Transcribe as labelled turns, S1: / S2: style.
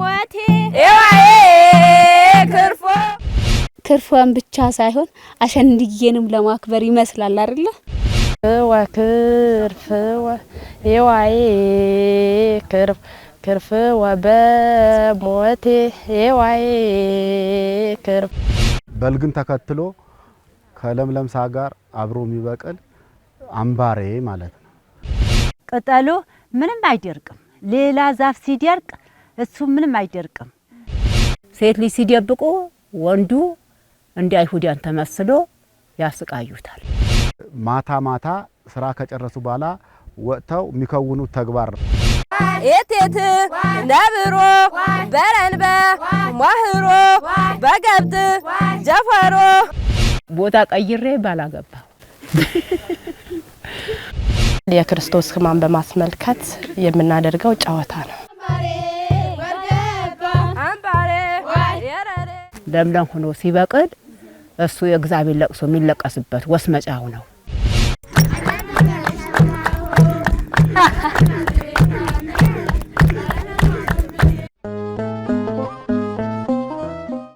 S1: ሞቴ ክርፎ ክርፎን ብቻ ሳይሆን አሸንድዬንም ለማክበር ይመስላል አይደለ? ክርፍ ዋዬ ክርፍ
S2: ክርፍ ወበሞቴ ዋዬ ክርፍ በልግን ተከትሎ ከለምለም ጋር አብሮ የሚበቅል አምባሬ ማለት ነው።
S3: ቅጠሉ ምንም አይደርቅም። ሌላ ዛፍ ሲደርቅ እሱ ምንም አይደርቅም።
S4: ሴት ልጅ ሲደብቁ ወንዱ እንደ አይሁዳን ተመስሎ ያስቃዩታል።
S2: ማታ ማታ ስራ ከጨረሱ በኋላ ወጥተው የሚከውኑት ተግባር ነው።
S5: ኤቴት ነብሮ በረንበ ማህሮ በገብት ጀፈሮ
S6: ቦታ ቀይሬ ባላገባ
S7: የክርስቶስ ሕማም በማስመልከት የምናደርገው ጨዋታ ነው።
S8: ለምለም ሆኖ ሲበቅል እሱ የእግዚአብሔር ለቅሶ የሚለቀስበት ወስመጫው ነው።